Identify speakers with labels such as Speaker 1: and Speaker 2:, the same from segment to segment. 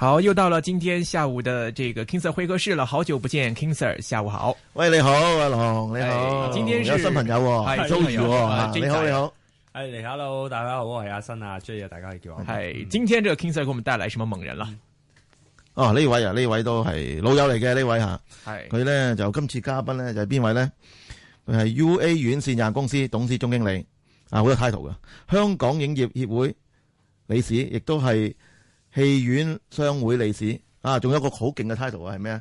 Speaker 1: 好，又到了今天下午的這個 King Sir 會客室了，好久不見 King Sir，下午好。喂，你好，阿龍，你好。今天有新朋友，哦，係中午。你好，你好。
Speaker 2: 係嚟，Hello，大家好，我係阿新啊，追啊，大家係叫我。係、哎，嗯、
Speaker 1: 今天這個 King Sir 給我們帶來什麼
Speaker 3: 猛人啦？哦、啊，呢位啊，呢位都係老友嚟嘅、啊、是呢位吓，係佢咧就今次嘉賓咧就係、是、邊位咧？佢係 U A 院線有限公司董事總經理，啊，好多 title 噶，香港影業協會理事，亦都係。戲院商會歷史啊，仲有一個好勁嘅 title 啊，係咩啊？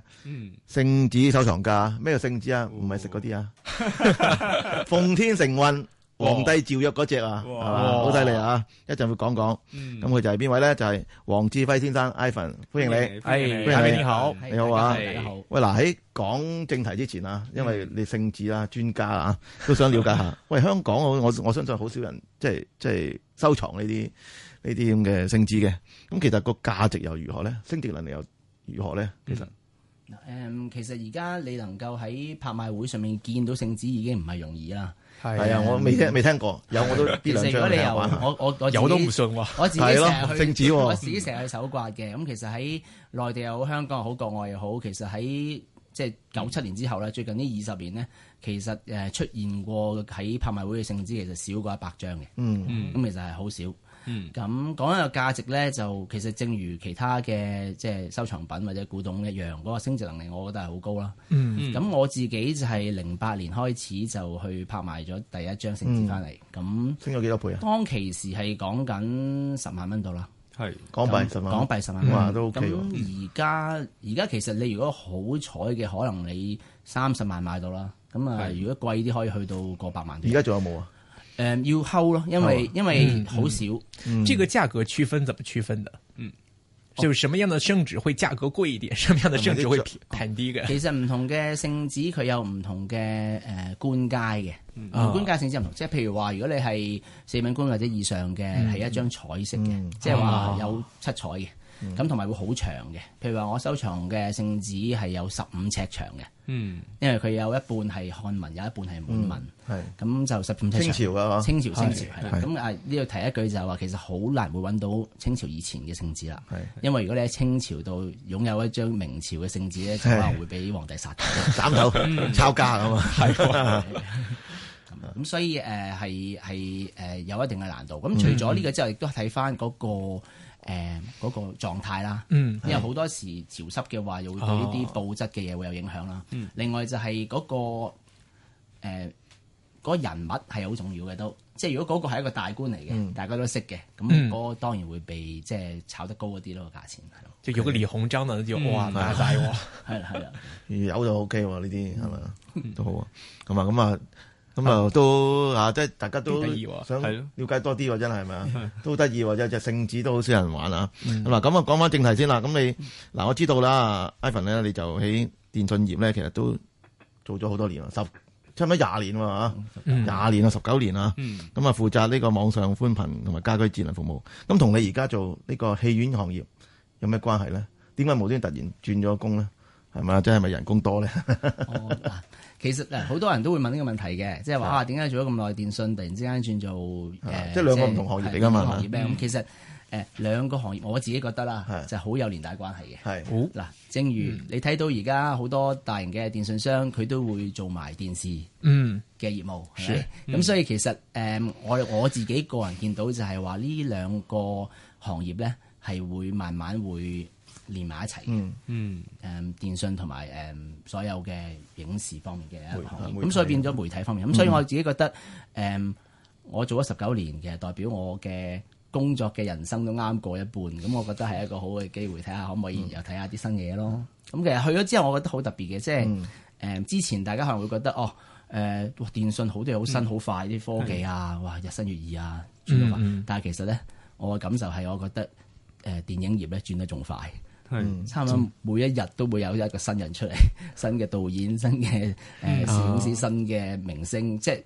Speaker 3: 聖旨收藏家，咩聖旨啊？唔係食嗰啲啊？奉天承運，皇帝詔曰嗰隻啊，好犀利啊！一陣會講講，咁佢就係邊位咧？就係黃嗣輝先生，Ivan，歡迎你，係，歡迎你好，你好啊，大家好。喂，嗱喺講正題之前啊，因為你聖旨啦，專家啊，都想了解下。喂，香港我我我相信好少人即係即係收藏呢啲。呢啲咁嘅聖旨嘅，咁其實個價值又如何咧？升值能力又如何咧？嗯、其實，
Speaker 4: 誒，其實而家你能夠喺拍賣會上面見到聖旨已經唔係容易啦。係啊，啊我未聽未、啊、聽過，有、啊、我都邊兩張係玩。如果你有你看看我都唔信喎。我自己成日去，啊、我自己成日去，啊啊、去搜刮嘅。咁其實喺內地又好，香港又好，國外又好，其實喺即係九七年之後咧，最近呢二十年咧，其實誒出現過喺拍賣會嘅聖旨，其實少過一百張嘅。嗯，咁其實係好少。嗯咁講緊個價值咧，就其實正如其他嘅即係收藏品或者古董一樣，嗰、那個升值能力我覺得係好高啦。咁、嗯嗯、我自己就係零八年開始就去拍賣咗第一張成紙翻嚟。咁、嗯、那升咗幾多倍啊？當其時係講緊十萬蚊度啦。係是那港幣十萬，港幣十萬、嗯、哇，都而家而家其實你如果好彩嘅，可能你三十萬買到啦。咁啊，的如果貴啲可以去到過百萬。
Speaker 3: 而家仲有冇啊？誒，要
Speaker 4: 摳咯，因為因為好少，嗯，嗯嗯嗯這個價格區分怎麼區分的？嗯，
Speaker 1: 哦、就什麼樣的聖旨會價格貴一點，什麼樣的聖旨會
Speaker 4: 平啲嘅？其實唔同嘅聖旨佢有唔同嘅誒官階嘅，嗯哦、官階聖旨唔同，即係譬如話如果你係四品官或者以上嘅，係、嗯、一張彩色嘅，嗯嗯、即係話有七彩嘅。嗯嗯嗯嗯嗯咁同埋會好長嘅，譬如話我收藏嘅聖旨係有十五尺長嘅，因為佢有一半係漢文，有一半係滿文，咁就十五尺長。清朝噶，清朝清朝係啦。咁啊呢度提一句就係話，其實好難會揾到清朝以前嘅聖旨啦，因為如果你喺清朝度擁有一張明朝嘅聖旨咧，就可能會俾皇帝殺斬頭抄家啊嘛。咁所以誒係係誒有一定嘅難度。咁、呃呃呃呃、除咗呢個之後，亦都睇翻嗰個誒嗰、呃那個狀態啦。嗯、因為好多時潮濕嘅話，又會對呢啲布質嘅嘢會有影響啦。嗯、另外就係嗰、那個誒嗰、呃、人物係好重要嘅，都即係如果嗰個係一個大官嚟嘅，嗯、大家都識嘅，咁嗰當然會被即係炒得高嗰啲咯，價錢係
Speaker 1: 咯。即係如果李鴻章啊，哇，大鑊係啦係啦，
Speaker 3: 有就 ok 喎，呢啲係咪都好啊？咁啊咁啊。咁啊，都啊，即係大家都想了解多啲喎，真係咪？嘛，都得意喎，即係隻性子都好少人玩啊。嗱，咁啊講翻正題先啦。咁你嗱，我知道啦，Ivan 咧，你就喺電訊業咧，其實都做咗好多年啦，十差唔多廿年喎，廿年啊，十九年啊。咁啊，負責呢個網上寬頻同埋家居智能服務。咁同你而家做呢個戲院行業有咩關係咧？點解無端突然轉咗工咧？係嘛，即係咪人工多咧？
Speaker 4: 其實啊，好多人都會問呢個問題嘅，即係話啊，點解做咗咁耐電信，突然之間轉做誒，即係兩個唔同行業嚟㗎嘛。行業咧，咁其實誒兩個行業，我自己覺得啦，就好有連帶關係嘅。係，嗱，正如你睇到而家好多大型嘅電信商，佢都會做埋電視嗯嘅業務。係，咁所以其實誒，我我自己個人見到就係話呢兩個行業咧，係會慢慢會連埋一齊嘅、嗯，嗯，誒、嗯、電信同埋誒所有嘅影視方面嘅行業、媒體、嗯、咁所以變咗媒體方面。咁所以我自己覺得，誒、嗯、我做咗十九年嘅，代表我嘅工作嘅人生都啱過一半。咁我覺得係一個好嘅機會，睇下可唔可以、嗯、又睇下啲新嘢咯。咁其實去咗之後，我覺得好特別嘅，即係誒之前大家可能會覺得，哦，誒、呃、電信好多好新好、嗯、快啲科技啊，的哇日新月異啊，速度快。但係其實咧，我嘅感受係，我覺得。誒、呃，電影業咧轉得仲快，是嗯、差唔多每一日都會有一個新人出嚟，新嘅導演、新嘅誒攝影師、呃嗯哦、新嘅明星，即係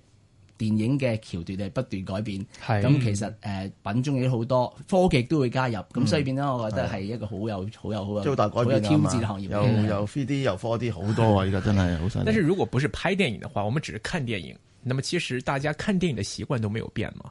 Speaker 4: 電影嘅橋段係不斷改變。
Speaker 3: 咁、嗯、其實
Speaker 4: 誒、呃、品種已經好多，科技都會加入，咁、嗯、所以變咗我覺得係一個有、嗯、好有好有好有大變好有挑戰行業。
Speaker 3: 又有 three 的 D 有 four D 好多啊、哦！而家 真係好犀
Speaker 1: 利。但是如果不是拍電影嘅話，我們只是看電影，那麼其實大家看電影嘅習慣都沒有變嘛？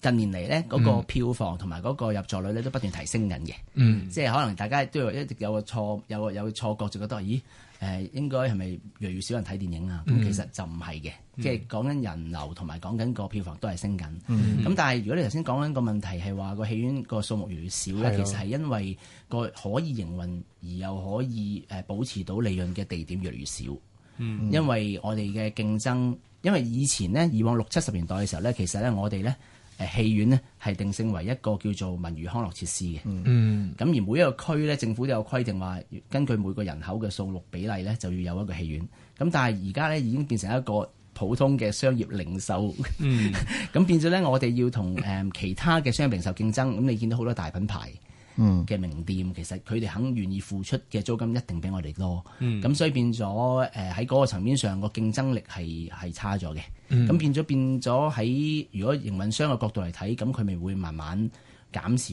Speaker 4: 近年嚟咧，嗰個票房同埋嗰個入座率咧，都不斷提升緊嘅。嗯，即係可能大家都有一直有個錯有個有錯覺，就覺得咦，誒、呃、應該係咪越嚟越少人睇電影啊？咁、嗯、其實就唔係嘅，嗯、即係講緊人流同埋講緊個票房都係升緊。咁、嗯嗯、但係如果你頭先講緊個問題係話個戲院個數目越嚟越少咧，的其實係因為個可以營運而又可以誒保持到利潤嘅地點越嚟越少。嗯、因為我哋嘅競爭，因為以前咧以往六七十年代嘅時候咧，其實咧我哋咧。誒戲院咧係定性為一個叫做文娛康樂設施嘅，咁、嗯、而每一個區咧政府都有規定話，根據每個人口嘅數目比例咧就要有一個戲院。咁但係而家咧已經變成一個普通嘅商業零售，咁、嗯、 變咗呢，我哋要同誒其他嘅商業零售競爭。咁你見到好多大品牌嘅名店，嗯、其實佢哋肯願意付出嘅租金一定比我哋多，咁、嗯、所以變咗誒喺嗰個層面上個競爭力係係差咗嘅，咁、嗯、變咗變咗喺如果營運商嘅角度嚟睇，咁佢咪會慢慢減少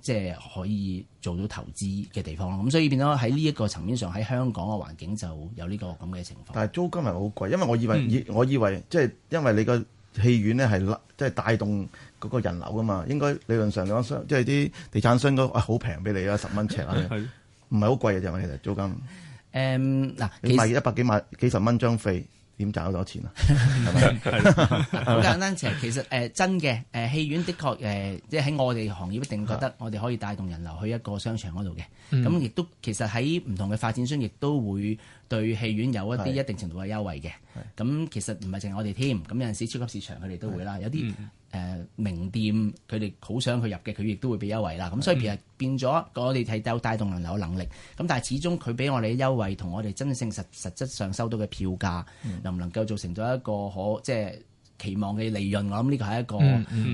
Speaker 4: 即係、就是、可以做到投資嘅地方咯，咁所以變咗喺呢一個層面上喺香港嘅環境就有呢個咁嘅情
Speaker 3: 況。但係租金係好貴，因為我以為、嗯、我以為即係因為你個戲院咧係即係帶動。嗰個人流啊嘛，應該理論上嚟講，商即係啲地產商都好平俾你啊，十蚊尺啊，唔係好貴嘅啫，其實租金。誒嗱，你賣一百幾萬，幾十蚊張費，點賺到多錢啊？係咪？好簡單啫，
Speaker 4: 其實誒真嘅誒戲院的確誒，即係喺我哋行業一定覺得我哋可以帶動人流去一個商場嗰度嘅。咁亦都其實喺唔同嘅發展商亦都會對戲院有一啲一定程度嘅優惠嘅。咁其實唔係淨係我哋添，咁有陣時超級市場佢哋都會啦，有啲。誒、呃、名店佢哋好想佢入嘅，佢亦都會俾優惠啦。咁的、嗯、所以其實變咗，我哋睇到帶動人流能力。咁但係始終佢俾我哋嘅優惠同我哋真正實實質上收到嘅票價，嗯、能唔能夠造成咗一個可即係期望嘅利潤？我諗呢個係一個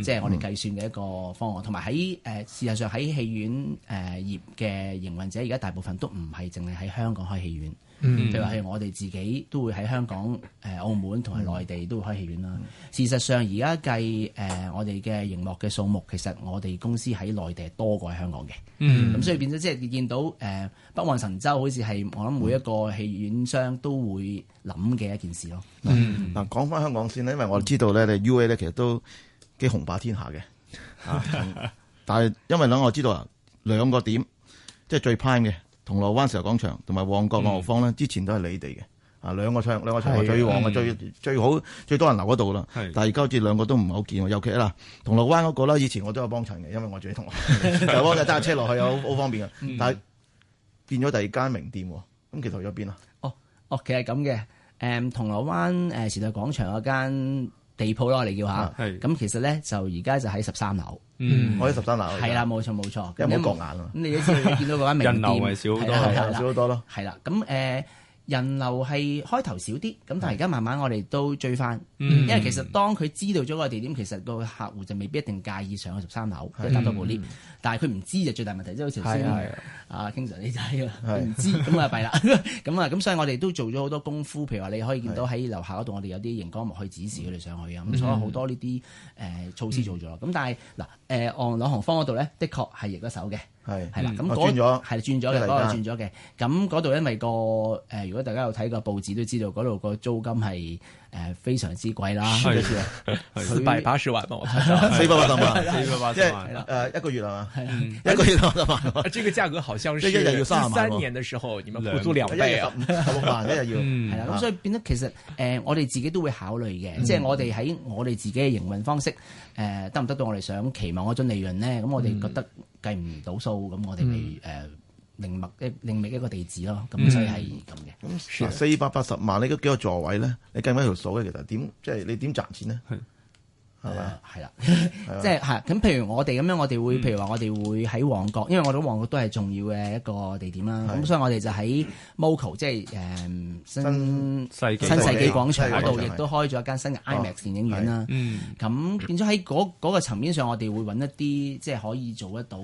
Speaker 4: 即係、嗯嗯、我哋計算嘅一個方案。同埋喺誒事實上喺戲院誒、呃、業嘅營運者，而家大部分都唔係淨係喺香港開戲院。譬、嗯、如話係我哋自己都會喺香港、誒澳門同埋內地都會開戲院啦。嗯、事實上而家計誒、呃、我哋嘅熒幕嘅數目，其實我哋公司喺內地多過喺香港嘅。咁、嗯、所以變咗即係見到誒、呃《北望神州好似係我諗每一個戲院商都會諗
Speaker 3: 嘅一件事咯。嗱講翻香港先咧，因為我知道咧，你 U A 咧、e、其實都幾紅霸天下嘅、 啊。但係因為咧，我知道啊兩個點即係最 prime 嘅。銅鑼灣時代廣場同埋旺角朗豪坊咧，之前都係你哋嘅。啊兩個場，兩個場最旺嘅、最最好、最多人留嗰度啦，但係而家好似兩個都唔係好見喎。尤其啦，銅鑼灣嗰個啦，以前我都有幫襯嘅，因為我住喺銅鑼灣，就係揸架車落去又好方便嘅。但係變咗第二間名店喎，咁其實去咗邊啊？
Speaker 4: 哦哦，其實係咁嘅，誒銅鑼灣誒時代廣場嗰間地鋪咯，我哋叫下，係咁其實咧就而家就喺十三樓。嗯，我喺十三樓。係啦，冇錯冇錯，因為冇角眼咯。咁你一次見到嗰間名店， 人流咪少好多，的人少好多咯。係啦，咁誒。人流係開頭少啲，咁但係而家慢慢我哋都追翻，嗯、因為其實當佢知道咗個地點，嗯、其實個客戶就未必一定介意上去十三樓，即係搭多部 lift。但係佢唔知就最大問題，即係好似頭先啊，King Sir，你仔呀，唔知咁啊弊啦，咁啊咁，所以我哋都做咗好多功夫，譬如話你可以見到喺樓下嗰度，我哋有啲熒光幕可以指示佢哋上去啊，咁所以好多呢啲誒措施做咗。咁、嗯、但係嗱誒，昂朗豪坊嗰度咧，呃、的確係贏一手嘅。係係啦，咁嗰係轉咗嘅，轉咗嘅。咁嗰度因為個誒，如果大家有睇個報紙都知道，嗰度個租金係誒非常之貴啦。係四百八十萬，四百八十
Speaker 3: 萬，四百八十萬，即係誒一個月啊嘛，係一個月八十萬。主要即係嗰個後生，即係一日要三萬。三年嘅時候，咁樣房租兩倍啊，係嘛，一日要係啦。咁所以
Speaker 4: 變咗，其實誒，我哋自己都會考慮嘅，即係我哋喺我哋自己嘅營運方式誒，得唔得到我哋想期望嗰種利潤咧？咁我哋覺得。計唔到數，咁我哋咪誒另覓一另覓一個地址咯，咁、嗯、所以係咁嘅。嗱四百
Speaker 3: 八,八十萬你都幾多座位咧？你計返條數咧？其實點即係你點賺錢咧？
Speaker 4: 係啊，係啦，即係係咁。譬如我哋咁樣，我哋會譬如話，我哋會喺旺角，因為我諗旺角都係重要嘅一個地點啦。咁係所以我哋就喺 Moco，即係誒、呃、新新世紀廣場嗰度，亦都開咗一間新嘅 IMAX 電影院啦。咁、哦嗯、變咗喺嗰嗰個層面上我，我哋會揾一啲即係可以做得到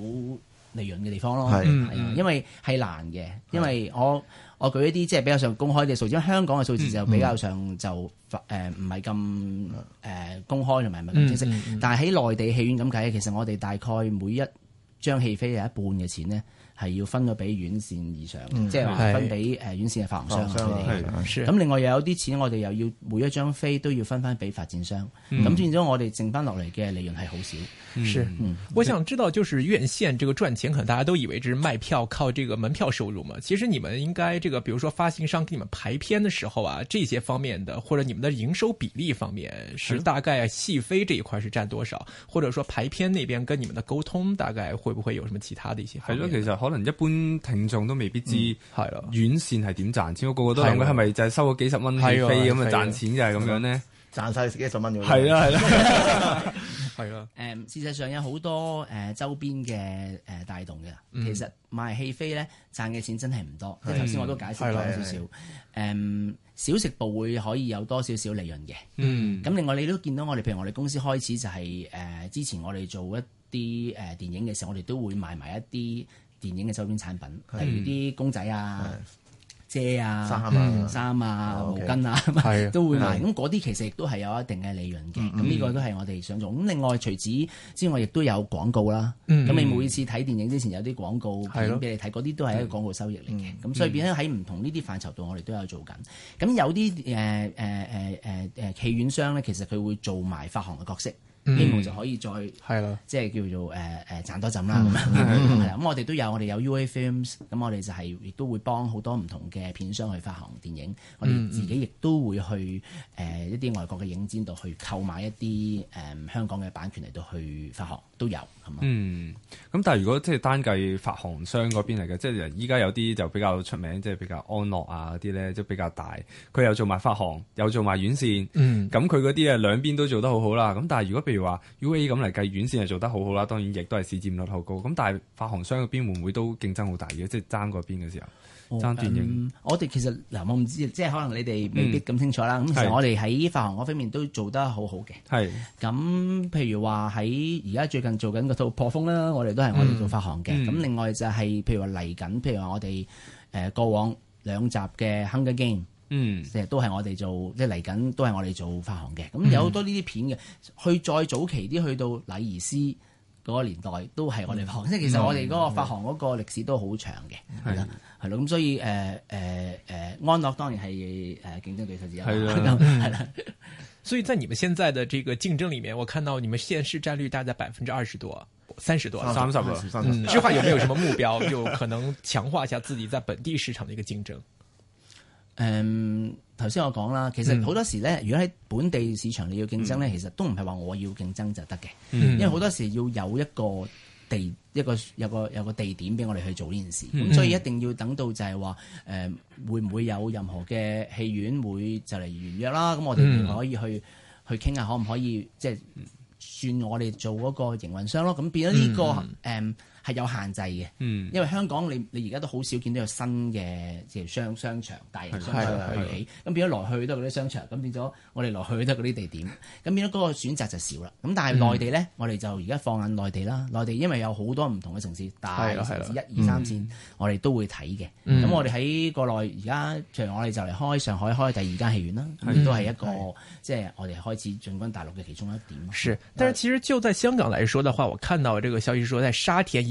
Speaker 4: 利潤嘅地方咯，係是，因為係難嘅，是因為我我舉一啲即係比較上公開嘅數字，因為香港嘅數字就比較上就誒唔係咁誒公開同埋唔係咁清晰，正式嗯嗯、但係喺內地戲院咁計，其實我哋大概每一張戲飛有一半嘅錢咧。係要分咗俾院線以上，即係話，嗯、分俾誒院線嘅發行商佢哋。咁另外又有啲錢，我哋又要每一張飛都要分翻俾發展商。咁變咗我哋剩翻落嚟嘅利潤係好少。是，嗯、是我想知道，就是院線這個賺錢，可能大家都以為是賣票
Speaker 1: 靠這個門票收入嘛。其實你們應該，這個，比如說發行商給你們排片嘅時候啊，這些方面的，或者你們的營收比例方面，是大概戲飛這一塊是佔多少，
Speaker 2: 或者說排片那邊跟你們的溝通，大概會不會有什麼其他的一些的？好，我可能一般聽眾都未必知，係咯，院線係點賺錢？我個個都諗佢係咪就係收個幾十蚊戲飛咁啊，賺錢就係咁樣咧？
Speaker 3: 賺晒成幾十蚊咁樣。係啦係啦，係啦
Speaker 4: 嗯。誒，事實上有好多誒周邊嘅誒帶動嘅，其實賣戲飛咧賺嘅錢真係唔多。嗯、即頭先我都解釋咗少少。誒、嗯，小食部會可以有多少少利潤嘅。嗯。咁另外你都見到我哋，譬如我哋公司開始就係、是、誒、呃，之前我哋做一啲誒電影嘅時候，我哋都會賣埋一啲。電影嘅周邊產品，例如啲公仔啊、遮啊、衫啊、毛巾啊，都會賣。咁嗰啲其實亦都係有一定嘅利潤嘅。咁呢個都係我哋想做。咁另外除此之外，亦都有廣告啦。咁你每次睇電影之前有啲廣告俾你睇，嗰啲都係一個廣告收益嚟嘅。咁所以變咗喺唔同呢啲範疇度，我哋都有做緊。咁有啲誒誒誒誒誒戲院商咧，其實佢會做埋發行嘅角色。希望就可以再係咯，嗯、即係叫做誒誒、呃呃、賺多陣啦，咁樣係啦。咁我哋都有，我哋有 UA Films，咁我哋就係、是、亦都會幫好多唔同嘅片商去發行電影。我哋自己亦都會去誒、呃、一啲外國嘅影展度去購買一啲誒、呃、香港嘅版權嚟到去發行都有。
Speaker 2: 嗯，咁但係如果即係單計發行商嗰邊嚟嘅，即係依家有啲就比較出名，即係比較安樂啊啲咧，即係比較大，佢又做埋發行，又做埋院線，咁佢嗰啲啊兩邊都做得好好啦。咁但係如果譬如話 UA 咁嚟計院線係做得好好啦，當然亦都係市佔率好高。咁但係發行商嗰邊會唔會都競爭好大嘅？即係爭嗰邊嘅時候，爭電影。
Speaker 4: 我哋其實嗱、呃，我唔知，即係可能你哋未必咁清楚啦。咁、嗯、其實我哋喺發行嗰方面都做得好好嘅。係的，咁的譬如話喺而家最近做緊個。做破風啦，我哋都係我哋做發行嘅。咁、嗯、另外就係譬如話嚟緊，譬如話我哋誒過往兩集嘅《Hunger Game》，嗯，其實都係我哋做，即係嚟緊都係我哋做發行嘅。咁有好多呢啲片嘅，去再早期啲，去到《禮儀師》嗰個年代，都係我哋發行。即係、嗯、其實我哋嗰個發行嗰個歷史都好長嘅。係啦、嗯，係咯的。咁所以誒誒誒，安樂當然係誒競爭對
Speaker 1: 手之一啦。係啦。所以在你們現在的這個競爭裏面，我看到你們現市占率大概百分之二十多、三十多，差不多多，多。嗯，這、嗯、話有沒有什麼目標？ 就可能強化一下自己在本地市場的一個競爭。
Speaker 4: 嗯、呃，頭先我講啦，其實好多時呢，如果喺本地市場你要競爭呢、嗯，其實都唔係話我要競爭就得嘅、嗯，因為好多時要有一個。地一個有個有個地點俾我哋去做呢件事，咁、mm hmm. 所以一定要等到就係話誒，會唔會有任何嘅戲院會就嚟完約啦？咁我哋可以去、mm hmm. 去傾下，可唔可以即係、就是、算我哋做嗰個營運商咯？咁變咗呢、這個誒。Mm hmm. 嗯係有限制嘅，嗯、因為香港你你而家都好少見到有新嘅即係商商場大型商場咁變咗來去都係嗰啲商場，咁變咗我哋來去都係嗰啲地點，咁變咗嗰個選擇就少啦。咁但係內地咧，嗯、我哋就而家放眼內地啦，內地因為有好多唔同嘅城市，大城市、一二三線，嗯、我哋都會睇嘅。咁、嗯、我哋喺國內而家，譬如我哋就嚟開上海開第二間戲院啦，都係一個即係、嗯、我哋開始進軍大陸嘅其中一點。係，但係其實就
Speaker 1: 在香港嚟說嘅話，我看到呢個消息，說在沙田。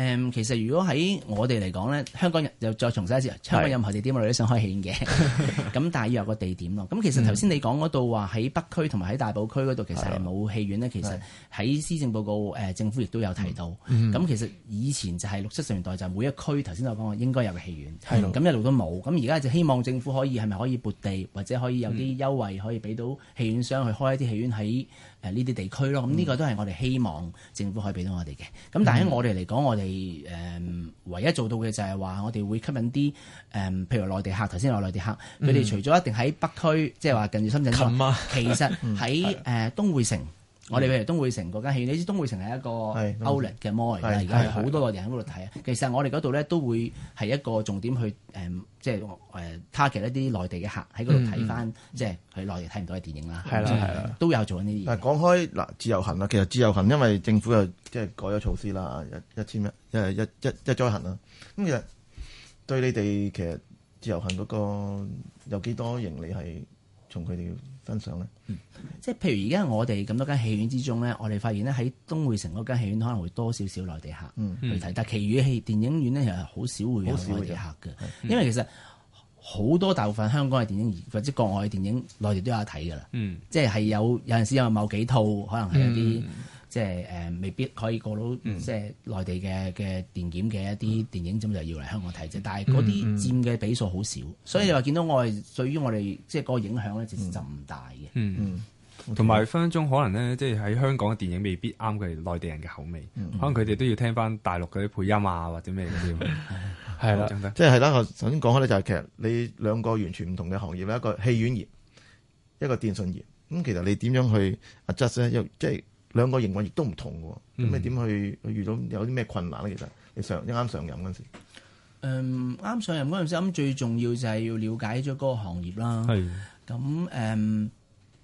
Speaker 4: 誒、嗯，其實如果喺我哋嚟講咧，香港人又再重申一次，香港任何地點是我哋都想開戲院嘅。咁 但係要有個地點咯。咁 其實頭先你講嗰度話喺北區同埋喺大埔區嗰度，其實係冇戲院咧。的其實喺施政報告誒，政府亦都有提到。咁的其實以前就係六七十年代，就每一區，頭先我講應該有個戲院。係咁的一路都冇。咁而家就希望政府可以係咪可以撥地或者可以有啲優惠 可以俾到戲院商去開一啲戲院喺。誒呢啲地區咯，咁呢個都係我哋希望政府可以俾到我哋嘅。咁但喺我哋嚟講，嗯、我哋誒唯一做到嘅就係話，我哋會吸引啲誒，譬如內地客，頭先話內地客，佢哋、嗯、除咗一定喺北區，即係話近住深圳，啊、其實喺誒東薈城。嗯我哋譬如東匯城嗰間戲院，你知東匯城係一個 Outlet 嘅 mall，而家係好多個人喺嗰度睇。其實我哋嗰度咧都會係一個重點去誒、呃，即係誒 target 一啲內地嘅客喺嗰度睇翻，嗯、即係佢內地睇唔到嘅電影啦。係啦，係啦，
Speaker 3: 都有做緊呢啲。但係講開嗱自由行啦，其實自由行因為政府又即係改咗措施啦，一一千一誒一一一再行啦。咁其實對你哋其實自由行嗰個有幾多盈利係？從佢哋分享咧、嗯，
Speaker 4: 即係譬如而家我哋咁多間戲院之中咧，我哋發現咧喺東薈城嗰間戲院可能會多少少內地客去睇，嗯、但係其餘嘅戲電影院咧其實好少會有內地客
Speaker 5: 嘅，因為其
Speaker 4: 實好多大部分香港嘅電影，或者國外嘅電影，內地都有得睇㗎喇，嗯、即係係有有陣時有某幾套可能係一啲。嗯即係誒，未必可以過到即係內地嘅嘅電檢嘅一啲電影，咁就、嗯、要嚟香港睇啫。但係嗰啲佔嘅比數好少，嗯、所以你話見到我哋對於我哋即係嗰個影響咧，就唔大
Speaker 5: 嘅。嗯，
Speaker 2: 同埋、嗯嗯、分分鐘可能咧，即係喺香港嘅電影未必啱佢內地人嘅口味，嗯、可能佢哋都
Speaker 3: 要聽翻大陸嗰啲配音啊，或者咩嗰啦，即係係啦。首先講開咧，就係其實你兩個完全唔同嘅行業，一個戲院業，一個電信業。咁其實你點樣去 adjust 即係。就是就是兩個營運亦都唔同嘅，咁你點去遇到有啲咩困難咧？其實你上啱上任嗰陣時，
Speaker 4: 誒啱、嗯、上任嗰陣時，我諗最重要就係要了解咗嗰個行業啦。係咁誒，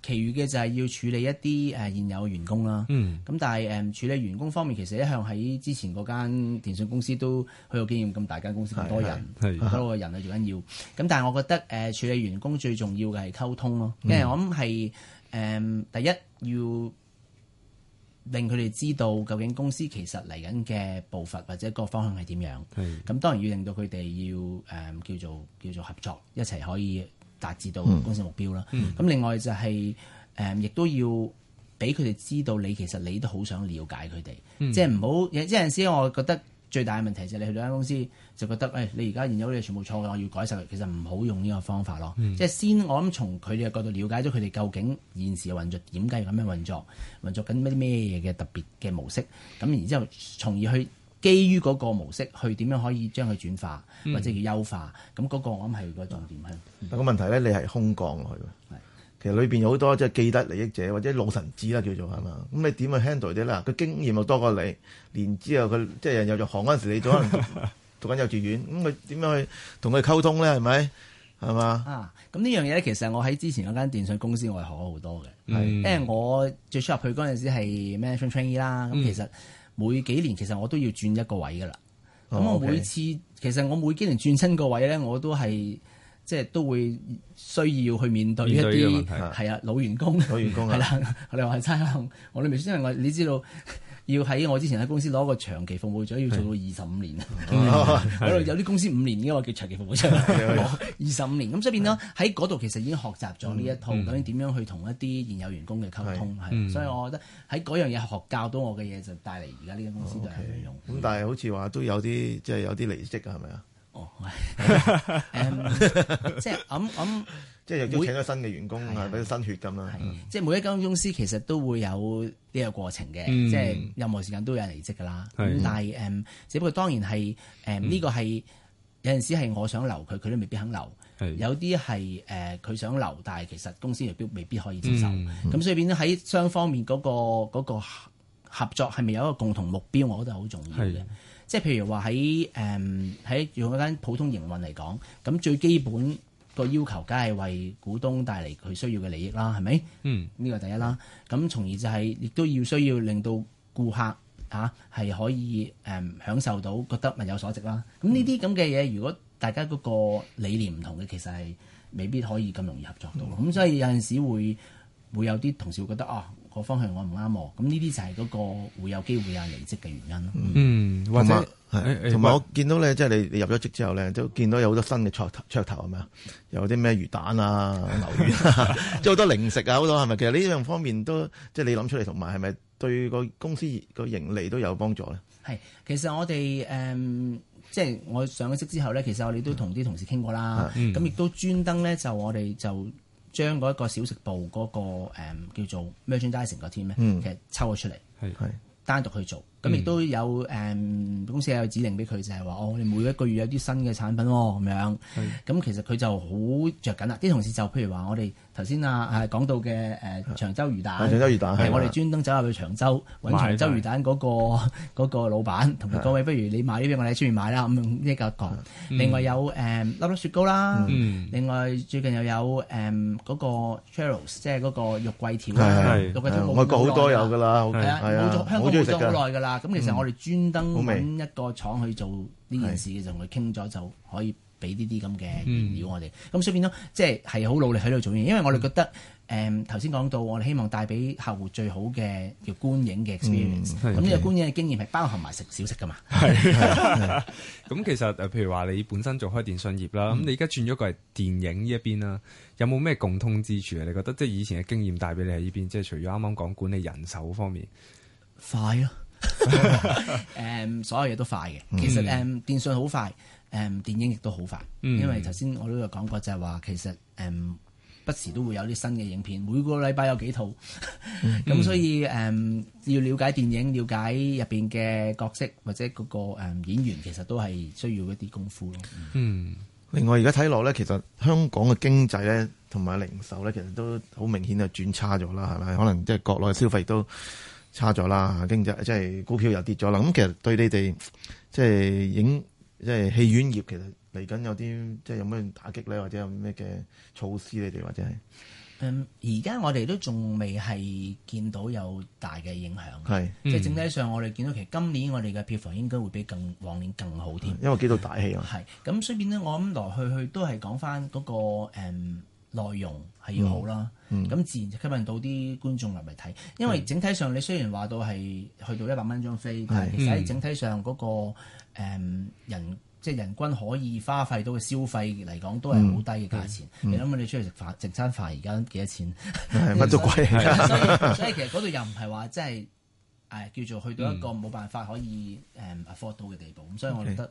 Speaker 4: 其餘嘅就係要處理一啲誒、呃、現有嘅員工啦。咁、嗯、但係誒、呃、處理員工方面，其實一向喺之前嗰間電信公司都都有經驗，咁大間公司咁多人，好多個人啊，最緊要咁。但係我覺得誒、呃、處理員工最重要嘅係溝通咯，因為我諗係誒第一要。令佢哋知道究竟公司其實嚟緊嘅步伐或者個方向係點樣，咁是當然要令到佢哋要誒、呃、叫做叫做合作，一齊可以達至到公司目標啦。咁、嗯、另外就係、是、誒、呃，亦都要俾佢哋知道你，你其實你都好想了解佢哋、嗯，即係唔好有啲陣時，我覺得。最大嘅問題就係你去兩間公司就覺得，誒、哎，你而家現有嘅全部錯嘅，我要改曬。其實唔好用呢個方法咯，嗯、即係先我諗從佢哋嘅角度了解咗佢哋究竟現時嘅運作點解要咁樣運作，運作緊咩啲咩嘢嘅特別嘅模式，咁然之後從而去基於嗰個模式去點樣可以將佢轉化、嗯、或者叫優化，咁嗰個我諗係個重點啦。嗯、但係個問
Speaker 3: 題咧，你係空降落去。其實裏邊有好多即係既得利益者或者老臣子啦，叫做係嘛？咁你點去 handle 啲啦？佢經驗又多過你，連之後佢即係人入咗行嗰時，你仲讀緊幼稚園，咁佢點樣去同佢溝通咧？係咪係嘛？啊，咁呢樣嘢咧，其實我喺之前嗰間電信公司我，我係學咗好多嘅，
Speaker 4: 因為我最初入去嗰陣時係 management trainee 啦是，咁其實每幾年其實我都要轉一個位噶啦，咁、嗯、我每次 okay 其實我每幾年轉親個位咧，我都係。即係都會需要去面對一啲係啊老員工，係啦，你話係差我哋未先係我，你知道要喺我之前喺公司攞個長期服務獎，要做到二十五年，有啲公司五年嘅話叫長期服務獎，二十五年咁，所以變咗喺嗰度其實已經學習咗呢一套究竟點樣去同一啲現有員工嘅溝通，係，所以我覺得喺嗰樣嘢學教到我嘅嘢，就帶嚟而家呢間公司就咁，
Speaker 3: 但係好似話都有啲即係有啲離職啊，係咪啊？哦、 嗯，即係咁咁，嗯、即係又招請咗新嘅員工啊，俾新血咁啦。即係每
Speaker 4: 一間公司其實都會有呢個過程嘅，嗯、即係任何時間都有人離職㗎啦。咁的但係誒、嗯，只不過當然係誒呢個係有陣時係我想留佢，佢都未必肯留。的有啲係誒佢想留，但係其實公司亦都未必可以接受。咁、嗯嗯、所以變咗喺雙方面嗰、嗰個個。嗰個合作係咪有一個共同目標？我覺得好重要嘅。是的 即係譬如話喺誒喺用一間普通營運嚟講，咁最基本個要求，梗係為股東帶嚟佢需要嘅利益啦，係咪？嗯，呢個第一啦。咁從而就係亦都要需要令到顧客嚇係、啊、可以誒、嗯、享受到覺得物有所值啦。咁呢啲咁嘅嘢，如果大家嗰個理念唔同嘅，其實係未必可以咁容易合作到。咁、嗯、所以有陣時會會有啲同事會覺得哦。」個方向我唔啱喎，咁呢啲就係嗰個會有機會有、啊、離職嘅原因咯。
Speaker 3: 嗯，同埋同埋我見到咧，即係你你入咗職之後咧，都見到有好多新嘅噱頭噱頭係咪啊？有啲咩魚蛋啊、牛丸、嗯，即係好多零食啊好多係咪？其實呢樣方面都即係、就是、你諗出嚟，同埋係咪對個公司個盈利都有幫助咧？係，
Speaker 4: 其實我哋誒即係我上咗職之後咧，其實我哋都同啲同事傾過啦，咁亦都專登咧就我哋就。嗯嗯將嗰一個小食部嗰、那個誒、嗯、叫做 merchandising team 咧，其實抽咗出嚟，係係單獨去做。咁亦都有誒公司有指令俾佢，就係話我哋每一個月有啲新嘅產品喎，咁樣。咁其實佢就好着緊啦。啲同事就譬如話，我哋頭先啊講到嘅誒長洲魚蛋，長洲魚蛋係我哋專登走入去長洲揾長洲魚蛋嗰個老闆，同佢講：喂，不如你買呢啲，我哋出面買啦。咁一嚿一個。另外有誒粒粒雪糕啦，另外最近又有誒嗰個 Charles，即係嗰個肉桂條，肉桂條我國好多有噶啦，香好耐噶啦。咁其實我哋專登揾一個廠去做呢件事嘅時候，佢傾咗就可以俾呢啲咁嘅原料我哋。咁所以變咗，即係係好努力喺度做嘢。因為我哋覺得，誒頭先講到，我哋希望帶俾客戶最好嘅叫觀影嘅 experience。咁呢個觀影嘅經驗係包含埋食
Speaker 2: 小食㗎嘛？係。咁其實譬如話你本身做開電信業啦，咁、嗯、你而家轉咗過嚟電影呢一邊啦，有冇咩共通之處啊？你覺得即係以前嘅經驗帶俾你喺呢邊，即係除咗啱啱講管理人手方面，快咯、啊。
Speaker 4: 誒， 所有嘢，um, 都快嘅。嗯、其實誒，um, 電信好快，誒、um,，電影亦都好快，嗯、因為頭先我都有講過就，就係話其實誒，um, 不時都會有啲新嘅影片，每個禮拜有幾套，咁、嗯 嗯、所以誒，um, 要了解電影，了解入邊嘅角色或者嗰、那個誒、嗯、演員，其實都係需要一啲功夫咯。
Speaker 3: 嗯，另外而家睇落咧，其實香港嘅經濟咧，同埋零售咧，其實都好明顯就轉差咗啦，係咪？可能即係國內消費都，差咗啦，經濟即係股票又跌咗啦。咁其實對你哋即係影即係戲院業，其實嚟緊有啲即係有咩打擊咧，或者有咩嘅措施你哋或者係？嗯，而家我哋都仲未
Speaker 4: 係見到有大嘅影響，
Speaker 3: 係即係整體
Speaker 4: 上、嗯、我哋見到其實今年我哋嘅票房應該會比更往年更好添，因為幾
Speaker 3: 度大戲啊。係
Speaker 4: 咁，雖然咧，我諗來去去都係講翻嗰個、嗯內容係要好啦，咁、嗯嗯、自然就吸引到啲觀眾入嚟睇。因為整體上你雖然話到係去到一百蚊張飛，嗯、但係其實整體上嗰、那個、嗯、人即係、就是、人均可以花費到嘅消費嚟講，都係好低嘅價錢。你諗下，嗯、你出去食飯食餐飯而家幾多錢？乜的 想都貴。 所以其實嗰度又唔係話即係誒叫做去到一個冇辦法可以誒、嗯、afford 到嘅地步。咁所以我覺得。Okay.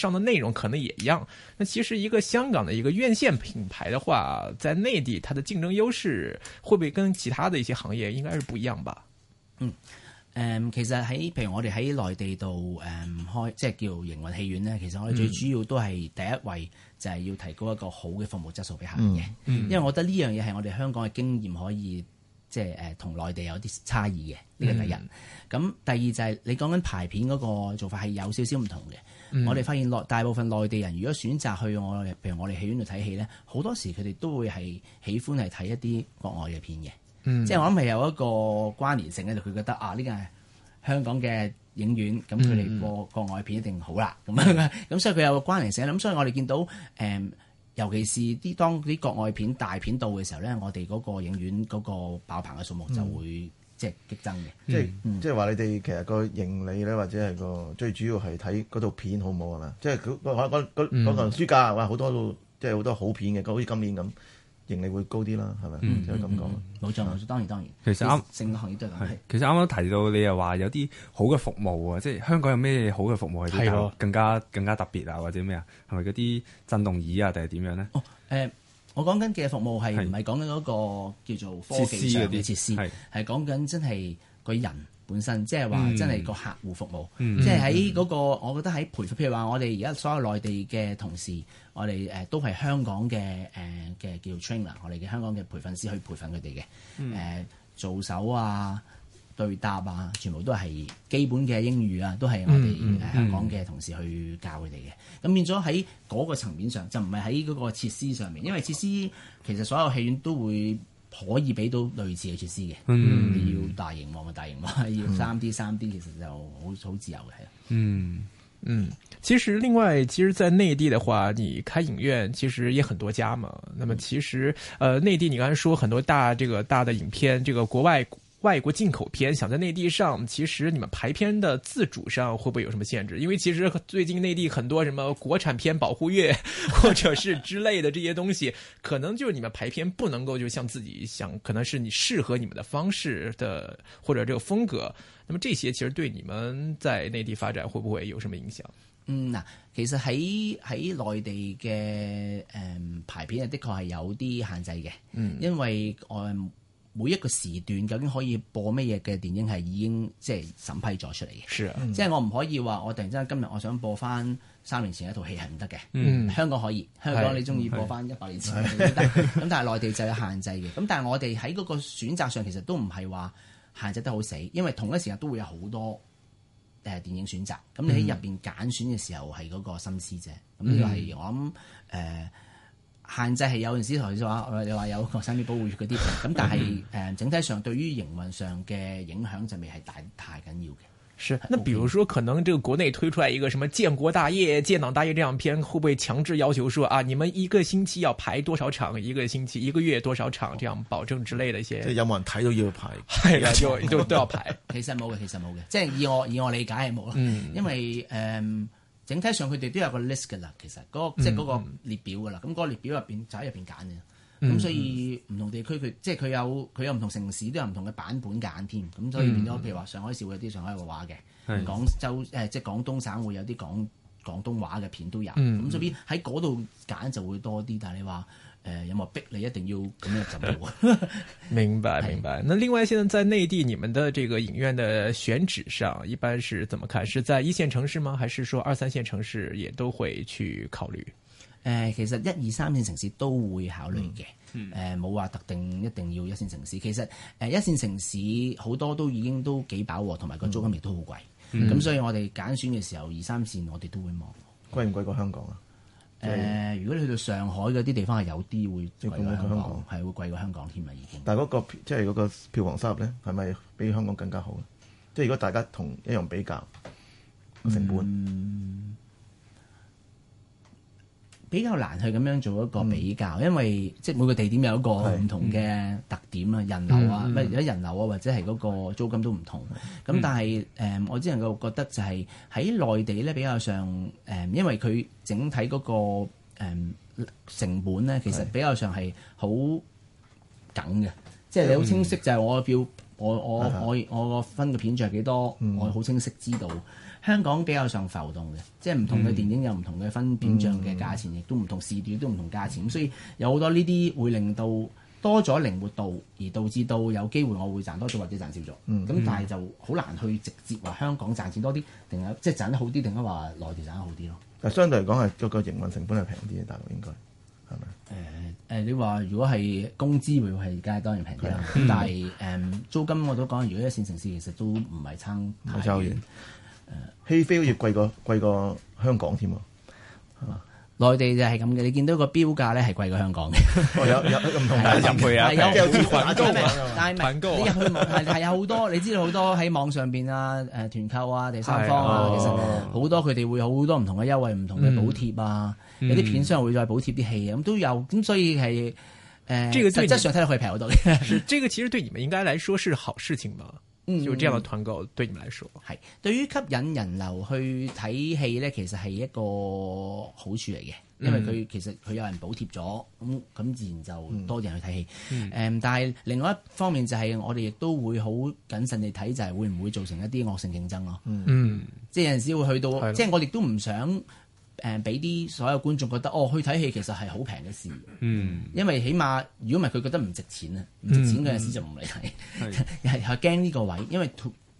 Speaker 1: 上的內容可能也一樣，那其實一個香港的一個院線品牌的話，在內地它的競爭優勢會不會跟其他的一些行
Speaker 4: 業應該是不一樣吧？嗯，誒、嗯，其實喺譬如我哋喺內地度誒、嗯、開，即係叫營運戲院咧，其實我哋最主要都係第一位就係要提高一個好嘅服務質素俾客人嘅，嗯嗯、因為我覺得呢樣嘢係我哋香港嘅經驗可以。即係誒同內地有啲差異嘅，呢、嗯、個第一。咁、嗯、第二就係、是、你講緊排片嗰個做法係有少少唔同嘅。嗯、我哋發現內大部分內地人如果選擇去我，譬如我哋戲院度睇戲咧，好多時佢哋都會係喜歡係睇一啲國外嘅片嘅。嗯、即係我諗係有一個關聯性咧，就佢覺得啊，呢個係香港嘅影院，咁佢哋個國外片一定好啦。咁、嗯、樣咁、嗯、 所以佢有個關聯性。咁所以我哋見到誒。嗯尤其是啲當啲國外片大片到嘅時候咧，我哋嗰個影院嗰個爆棚嘅數目就會即係激增嘅、嗯嗯。
Speaker 3: 即係即係話你哋其實個盈利咧，或者係個最主要係睇嗰套片好唔好啊？即係嗰嗰嗰嗰個書架哇，好多即係好多好片嘅，好似今年咁。盈利會高啲啦，係咪？嗯、就咁講，冇、嗯嗯、錯，當然當然。其實啱，成個行業都係咁。係
Speaker 2: 其實啱啱提到，你又話有啲好嘅服務，即係香港有咩好嘅服務係的更加更加特別啊，或者咩啊？係咪嗰啲震動椅啊，定係點樣咧？
Speaker 4: 哦，誒、呃，我講緊嘅服務係唔係講緊嗰個叫做科技上嘅設施？係係講緊真係個人本身，即係話真係個客戶服務。即係喺嗰個，我覺得喺培，譬如話我哋而家所有內地嘅同事。我哋誒都係香港嘅誒嘅叫 trainer，我哋嘅香港嘅培訓師去培訓佢哋嘅誒做手啊、對答啊，全部都係基本嘅英語啊，都係我哋香港嘅同事去教佢哋嘅。咁、嗯嗯、變咗喺嗰個層面上，就唔係喺嗰個設施上面，因為設施其實所有戲院都會可以俾到類似嘅設施嘅。嗯嗯、要大型幕就大型幕，要三 D 三 D，其實就好好自由嘅，係嗯。嗯
Speaker 1: 嗯，其實另外，其實，在內地的話，你開影院其實也很多家嘛。那麼其實，呃，內地你剛才說很多大這個大的影片，這個國外。外國進口片想在內地上，其實你們排片的自主上會不會有什麼限制？因為其實最近內地很多什麼國產片保護月，或者是之類的這些東西， 可能就是你們排片不能夠就像自己想，可能是你適合你們的方式的或者這個風格。那麼這些其實對你們在內地發展會不會
Speaker 4: 有什麼影響？嗯，嗱，其實喺喺內地嘅誒排片的確係有啲限制嘅。嗯，嗯，因為我。每一個時段究竟可以播乜嘢嘅電影係已經即係審批咗出嚟嘅，的即係我唔可以話我突然之間今日我想播翻三年前一套戲係唔得嘅。嗯、香港可以，香港你中意播翻一百年前都得。咁 但係內地就有限制嘅。咁但係我哋喺嗰個選擇上其實都唔係話限制得好死，因為同一時間都會有好多誒電影選擇。咁、嗯、你喺入邊揀選嘅時候係嗰個心思啫。咁呢個係我諗誒。呃限制係有陣時同詞話，你哋話有國產保護月嗰啲咁，但係誒、呃、整體上對於營運上嘅影響就未係大太緊要嘅。
Speaker 1: 是。那比如說，可能這個國內推出來一個什麼建國大業、建黨大業這樣片，會唔會強制要求說啊，你們一個星期要排多少場，一個星期、一個月多少場，這樣保證之類的一些？即係、哦、 有
Speaker 3: 冇人睇都要排？係啦，要都都要
Speaker 4: 排。其實冇嘅，其實冇嘅，即係以我以我理解係冇咯。嗯、因為誒。呃整體上佢哋都有個 list 㗎啦，其實嗰、那個、即係嗰個列表㗎啦。咁嗰、嗯、個列表入邊就喺入邊揀嘅。咁、嗯、所以唔同地區佢即係佢有佢有唔同城市都有唔同嘅版本揀添。咁所以變咗譬如話上海市會有啲上海話嘅，廣是州誒、呃、即係廣東省會有啲廣廣東話嘅片都有。咁、嗯、所以喺嗰度揀就會多啲。但係你話，誒，有冇、呃、逼你一定要咁樣做？
Speaker 1: 明白，明白。那另外，現在在內地，你們的這個影院的選址上，一般是怎麼看？是在一線城市
Speaker 4: 嗎？還是說二三線城市也都會去考慮？誒、呃，其實一二三線城市都會考慮嘅。誒、嗯，冇、嗯、話、呃、特定一定要一線城市。其實誒、呃，一線城市好多都已經都幾飽和、啊，同埋個租金亦都好貴、嗯。嗯。咁所以我哋揀選嘅時候，二三線我哋都會望、啊。貴唔貴過香港啊？誒、呃，如果你去到上海嗰啲地方，係有啲
Speaker 3: 會貴過香港，係會貴過香港添啊！已經。但係、嗰、嗰個即係嗰個票房收入咧，係咪比香港更加好咧？即係如果大家同一樣比較成本。嗯比較難去咁樣做一個比
Speaker 4: 較，嗯、因為即係每個地點有一個唔同嘅特點啦，嗯、人流啊，咩有啲人流啊，或者係嗰個租金都唔同。咁、嗯、但係誒、嗯嗯，我只能夠覺得就係喺內地咧比較上誒、嗯，因為佢整體嗰、那個、嗯、成本咧，其實比較上係好緊嘅。
Speaker 3: 即係你好清
Speaker 4: 晰，就係我表、嗯、我我我、嗯、我分嘅片係幾多，嗯、我好清晰知道。香港比較上浮動嘅，即係唔同嘅電影有唔同嘅分變相嘅價錢，亦都唔同時段都唔同價錢，所以有好多呢啲會令到多咗靈活度，而導致到有機會，我會賺多咗或者賺少咗。咁但係就好難去直接話香港賺錢多啲，定係即係賺得好啲，定係話內地賺得好啲咯。
Speaker 3: 但相對嚟講係個營運成本係平啲嘅大陸，應該係咪？
Speaker 4: 誒誒，你話如果係工資會係而家當然平啲啦，但係誒租金我都講，如果一線城市其實都唔係差好遠。
Speaker 3: 戲飛都要貴
Speaker 4: 過貴過香港添，內地就係咁嘅。你見到個標價咧係貴過香港嘅。有有唔同價任去啊，有補貼高，但係品高。你入去網係係有好多，你知道好多喺網上邊啊誒團購啊第三方啊，其實好多佢哋會有好多唔同嘅優惠，唔同嘅補貼啊。有啲片商會再補貼啲戲，咁都有咁，所以係誒實質上睇落去平好多。
Speaker 1: 是呢個其實對你們應該嚟說是
Speaker 4: 好事情吧。就咁樣嘅團購對你嚟講，係、嗯、對於吸引人流去睇戲呢，其實係一個好處嚟嘅，因為佢其實佢有人補貼咗，咁、嗯、咁、嗯、自然就多啲人去睇戲。誒、嗯嗯，但係另外一方面就係我哋亦都會好謹慎地睇，就係會唔會造成一啲惡性競爭咯、啊？嗯，嗯即係有陣時會去到，了即係我亦都唔想。誒俾啲所有觀眾覺得，哦去睇戲其實係好平嘅事，嗯，因為起碼如果唔係佢覺得唔值錢啊，唔值錢嗰陣時就唔嚟睇，係係驚呢個位，因為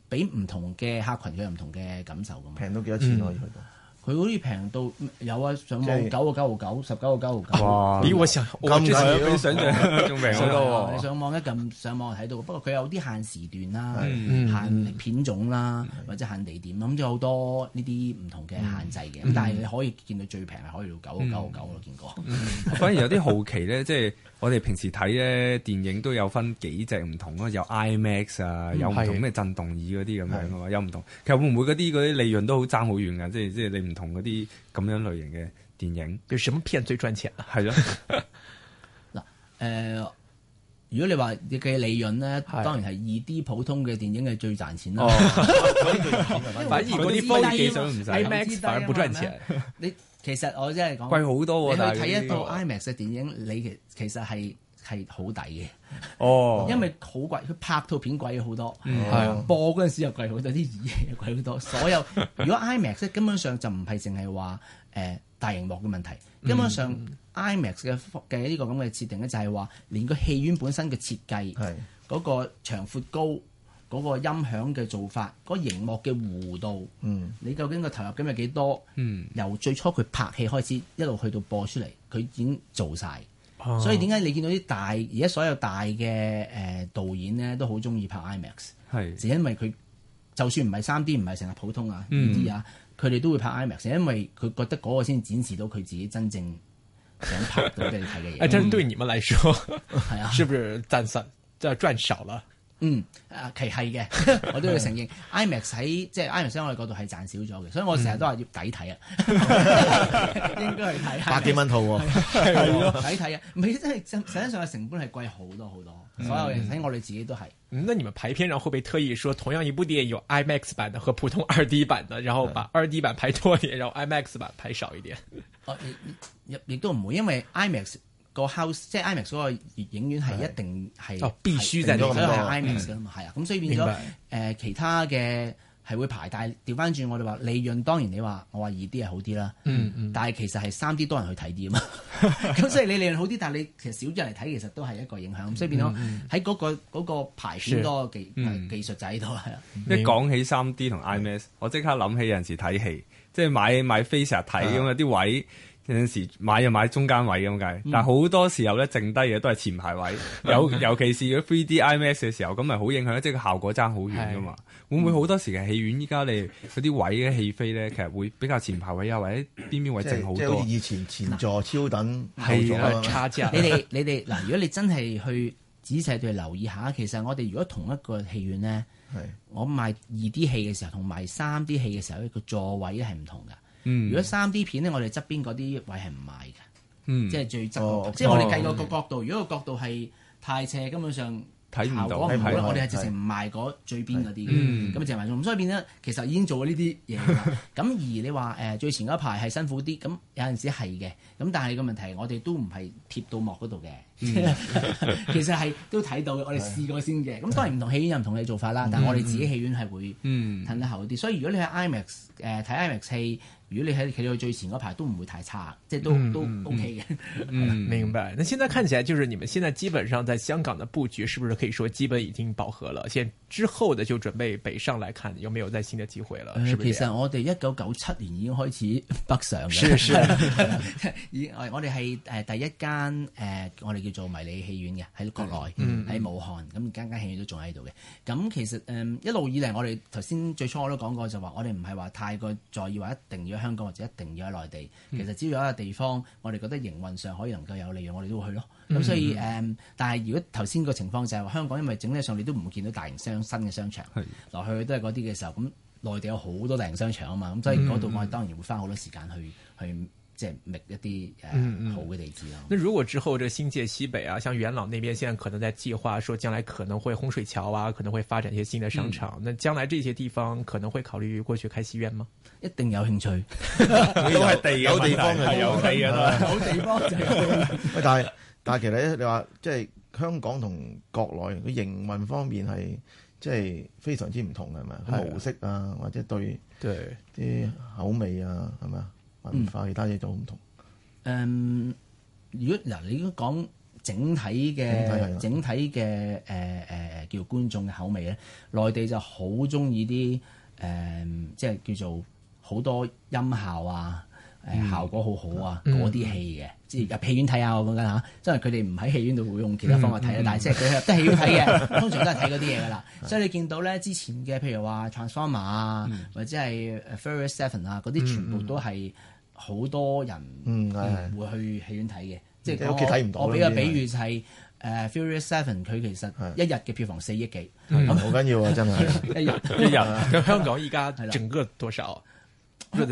Speaker 4: 俾唔同嘅客群有唔同嘅感受㗎嘛。平到幾多錢可以去到？嗯佢好似平到有啊！上網九個九毫九，十九個九毫九。哇！咦，我成咁抵，想象仲平好多。上網一撳上網就睇到，不過佢有啲限時段啦，限片種啦，或者限地點，咁即係好多呢啲唔同嘅限制嘅。咁但係你可以見到最平係可以到九個九毫九咯，見過。反而有啲
Speaker 2: 好奇咧，即係。我哋平時睇咧電影都有分幾隻唔同咯，有 IMAX 啊，有唔同咩震動椅嗰啲咁樣嘅話，嗯、有唔同。其實會唔會嗰啲嗰啲利潤都好爭好遠噶？即係即係你唔同嗰啲咁樣類型嘅電影。叫什麼片最賺錢啊？係咯。嗱誒，如果你話嘅利潤咧，當然係
Speaker 4: 2D 普通嘅電影係最賺錢啦、啊。哦、 反而嗰啲科技想唔使 IMAX 其實我真係講貴好多喎、啊。睇一套 IMAX 嘅電影，這你其其實係係好抵嘅哦， 因為好貴。佢拍套片貴咗好多，係播嗰陣時又貴好多，啲嘢又貴好多。所有 如果 IMAX，根本上就唔係淨係話誒大螢幕嘅問題。根本上 IMAX 嘅嘅呢個咁嘅設定咧，就係話連個戲院本身嘅設計，係嗰、那個長闊高。嗰個音響嘅做法，嗰熒幕嘅弧度，嗯，你究竟個投入金係幾多？嗯，由最初佢拍戲開始，一路去到播出嚟，佢已經做晒。哦、所以點解你見到啲大而家所有大嘅誒、呃、導演咧是，都好中意拍 IMAX，係，就因為佢就算唔係三 D，唔係成日普通啊呢啲啊，佢哋、嗯、都會拍 IMAX，因為佢覺得嗰個先展示到佢自己真正想拍到畀你睇嘅。嘢。 哎，這對你們嚟說， 是不是賺少賺少啦？嗯，其係嘅，我都要承認。 IMAX 喺即係、就是、IMAX 我哋嗰度係賺少咗嘅，所以我成日都話要抵睇啊， 應該係睇下，百幾蚊套，係咯，睇睇啊，唔係真係實際上嘅成本係貴好多好多。所有嘢，睇我哋自己都係、嗯嗯。那你咪
Speaker 1: 排片會唔會特意說，同樣一部電影有 IMAX 版的和普通 2D 版的，然後把 2D 版排多一點，然後 IMAX 版排少一點。
Speaker 4: 哦、嗯，亦都唔會，因為 IMAX。個 house 即係 IMAX 嗰個影院係一定係必須就係咁多，所 IMAX 啊嘛，係啊，咁所以變咗誒其他嘅係會排，大係調翻轉我哋話利潤當然你話我話二 D 係好啲啦，但係其實係三 D 多人去睇啲啊嘛，咁所以你利潤好啲，但係你其實少人嚟睇，其實都係一個影響，所以變咗喺嗰個排片多個技技術仔度係啊。一
Speaker 2: 講起三 D 同 IMAX，我即刻諗起有陣時睇戲，即係買買 face 睇咁啊啲位。有陣時買就買中間位咁解，但係好多時候咧剩低嘅都係前排位，有 尤其是如果 3D IMAX 嘅時候，咁咪好影響，即係個效果差好遠噶嘛。的會唔會好多時嘅戲院依家你嗰啲位嘅戲飛咧，其實會比較前排位啊，或者邊邊位剩好多？即，即以
Speaker 3: 前前座超等係啊，差之座。的你哋們
Speaker 4: 你哋嗱，如果你真係去仔細去留意下，其實我哋如果同一個戲院咧，的我賣二 d 戲嘅時候同賣三 d 戲嘅時候咧，個座位係唔同噶。如果三 D 片咧，我哋側邊嗰啲位係唔賣嘅，即係最側，即係我哋計到個角度。如果個角度係太斜，根本上睇唔到，效果唔好咧，我哋係直情唔賣嗰最邊嗰啲嘅，咁啊，直情賣唔到，所以變咗其實已經做咗呢啲嘢。咁而你話誒最前嗰一排係辛苦啲，咁有陣時係嘅，咁但係個問題我哋都唔係貼到幕嗰度嘅，其實係都睇到，我哋試過先嘅。咁當然唔同戲院有唔同嘅做法啦，但係我哋自己戲院係會褪得厚啲，所以如果你喺 IMAX 誒睇 IMAX 戲。如果你喺企喺最前嗰排都唔會太差，即係都、嗯、都 O K 嘅。嗯、 明
Speaker 1: 白。那現在看起來，就是你們現在基本上在香港嘅佈局，是不是可以說基本已經飽和了？現之後的就準備北上，來看有沒有再新的機會啦？呃、是是其實
Speaker 4: 我哋一九九七年已經開始北上嘅 是。 我哋係第一間誒、呃，我哋叫做迷你戲院嘅，喺國內，喺、嗯、武漢，咁、嗯嗯、間間戲院都仲喺度嘅。咁其實誒、嗯、一路以嚟，我哋頭先最初我都講過就話我哋唔係話太過在意話一定要，香港或者一定要喺內地，其實只要有一個地方，我哋覺得營運上可以能夠有利潤，我哋都會去咯。咁、嗯、所以誒、呃，但係如果頭先個情況就係、係、話，香港因為整體上你都唔會見到大型商新嘅商場，落係去都係嗰啲嘅時候，咁內地有好多大型商場啊嘛，咁所以嗰度我哋當然會花好多時間去去。嗯嗯去即係覓一啲好嘅地
Speaker 1: 址咯。嗯、如果之後，這新界西北啊，像元朗那邊，現在可能在計劃，說將來可能會洪水橋啊，可能會發展一些新的商場。嗯、那將來這些地方可能會考慮過去開戲院嗎？一定有興趣， 都係地有地方係有嘅啊，有地方就係。喂，但
Speaker 3: 係但係其實你話即係香港同國內，佢營運方面係即係非常之唔同㗎嘛，啊、模式啊，或者對即係啲口味啊，係咪？文化其他嘢就唔同。誒，如果嗱，你應
Speaker 4: 該講整體嘅整體嘅誒誒叫觀眾嘅口味咧，內地就好中意啲誒，即係叫做好多音效啊，誒效果好好啊嗰啲戲嘅，即係入戲院睇下我講緊嚇，雖然佢哋唔喺戲院度會用其他方法睇啦，但係即係佢入得戲院睇嘅，通常都係睇嗰啲嘢噶啦。所以你見到咧之前嘅譬如話 Transformer 啊，或者係 Furious Seven 啊嗰啲，全部都係。好多人嗯，會去戲院睇嘅，即係屋企睇唔到。我俾個比喻就係誒《Furious Seven》，佢其實一日嘅票房四億幾，
Speaker 1: 好緊要啊！真係一日一日。咁香港依
Speaker 4: 家係啦，整個多少啊？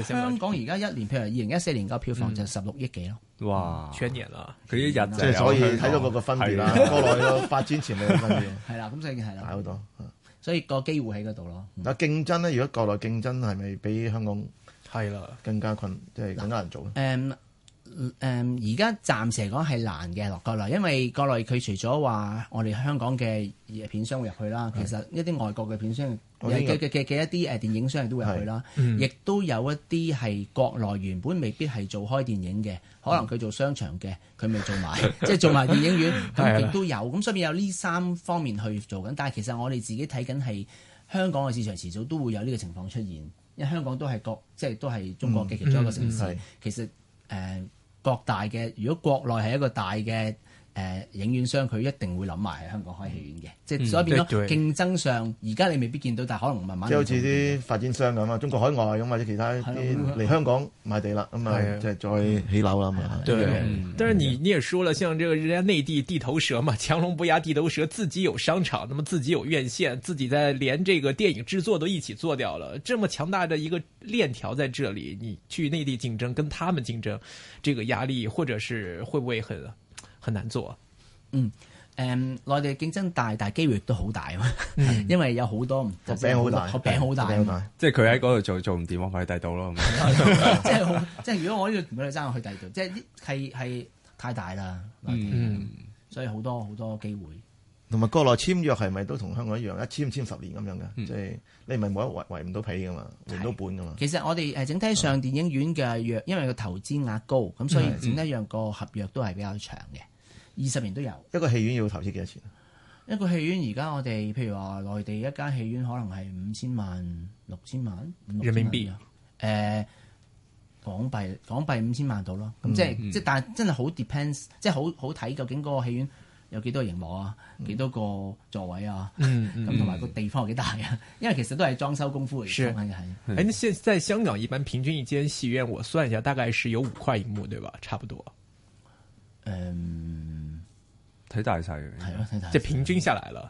Speaker 4: 香港而家一年，譬如二零一四年嘅票房就十六億幾咯。哇，全年啊，佢一日即係所以睇到個個分別啦。國內咯，發展前面嘅分別係啦，咁所以係啦，太多所以個機會喺嗰度咯。
Speaker 3: 嗱，競爭咧，如果國內競爭係咪比香港？係啦，更加困難，即、就、係、是、更加難做咯。誒而家暫時嚟講係難
Speaker 4: 嘅落國內，因為國內佢除咗話我哋香港嘅片商會入去啦，是的 其實一啲外國嘅片商嘅嘅嘅一啲誒電影商亦都會入去啦，嗯、亦都有一啲係國內原本未必係做開電影嘅，可能佢做商場嘅，佢未做埋，即係、嗯、做埋電影院，咁亦、 嗯、都有。咁所以有呢三方面去做緊，但係其實我哋自己睇緊係香港嘅市場，遲早都會有呢個情況出現。因為香港都係國，即係都係中國嘅其中一個城市。嗯嗯嗯、其實誒，各、呃、大嘅，如果國內係一個大嘅。呃、影院商佢一定會諗埋香港開戲院嘅，即係所以變咗競爭上，而家你未必見到，但係可能慢慢
Speaker 1: 即係好似啲
Speaker 3: 發展商咁啊，嗯、中國海外咁或者其他啲嚟香港、嗯、買地啦，咁咪即係再起樓啦嘛。的對，嗯、
Speaker 1: 但是你、嗯、你也説了，像這個人家內地地頭蛇嘛，強龍不壓地頭蛇，自己有商場，那麼自己有院線，自己再連這個電影製作都一起做掉了，這麼強大的一個鏈條，在這裡你去內地競爭，跟他們競爭，這個壓力或者是會不會很？
Speaker 4: 難做啊！嗯，誒、呃，內地競爭大，但係機會亦都好大啊！嘛， 因為有好多餅、嗯、好大，餅好大，
Speaker 2: 即係佢喺嗰度做做唔掂，我咪去第二度咯。即係即
Speaker 4: 係，就是、如果我要同佢哋爭，我去第二度。即係係係太大啦，嗯、
Speaker 3: 所以好多好多機會。同埋國內簽約係咪都同香港一樣，一簽簽十年咁樣嘅？即係、嗯、你唔係冇得圍圍唔到皮噶嘛，圍唔到本噶嘛？
Speaker 4: 其實我哋誒整體上電影院嘅約，因為個投資額高，咁所以整體一樣個合約都係比較長嘅。二十年都有
Speaker 3: 一個戲院要投資幾多錢？
Speaker 4: 一個戲院而家我哋譬如話內地一間戲院可能係五千萬六千萬人民幣
Speaker 3: 啊，誒、呃、
Speaker 4: 港幣港幣五千萬到咯。咁即係即但係真係好 depends，即係好好睇究竟嗰個戲院有幾多熒幕啊，幾、嗯、多個座位啊，咁同埋個地方幾大啊。 因為其實都係裝修功夫嚟講嘅係喺呢香港一般平均一
Speaker 1: 間戲院，我算一下，大概係有五塊熒幕對吧？差唔多，
Speaker 4: 嗯。
Speaker 1: 睇大晒嘅，係咯，睇大。即係平均下來啦，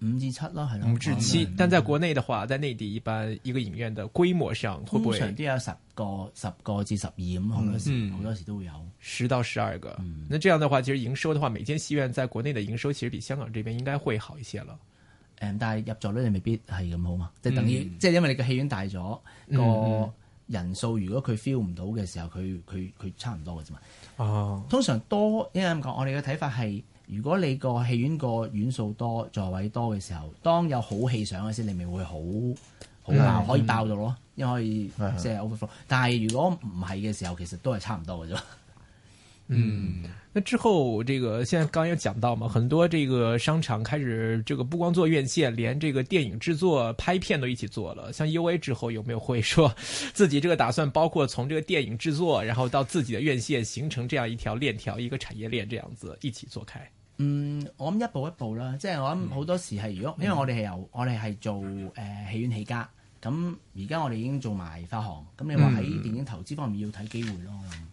Speaker 4: 五至七啦，係咯，五至七。
Speaker 1: 但係在國內的話，在內地一般一個影院嘅規模上，會唔會都有
Speaker 4: 十個、十個至十二咁？好多時，好多時都會有十到十
Speaker 1: 二個。那這樣嘅話，其實營收嘅話，每間戲院在國內嘅營收，其實比香港呢邊應該會好一些咯。
Speaker 4: 嗯，但係入座率你未必係咁好嘛，即係等於即係因為你個戲院大咗個。人數如果佢 feel 唔到嘅時候，佢佢佢差唔多嘅啫嘛。哦，啊、通常多因為咁講，我哋嘅睇法係，如果你個戲院個院數多、座位多嘅時候，當有好戲上嘅時，你咪會好好鬧，的可以爆到咯，的因為即係 over。但係如果唔係嘅時候，其實都係差唔多嘅啫。
Speaker 1: 嗯，那之後，這個現在剛有講到嘛，很多這個商場開始，這個不光做院線，連這個電影製作、拍片都一起做了。像 UA 之後，有沒有會說自己這個打算，包括從這個電影製作，然後到自己的院線，形成這樣一條鏈條，一個產業鏈這樣子，一起做開？
Speaker 4: 嗯，我諗一步一步啦，即係我諗好多時係，如果因為我哋係由我哋係做誒戲院起家，咁而家我哋已經做埋發行，咁你話喺電影投資方面要睇機會咯。嗯嗯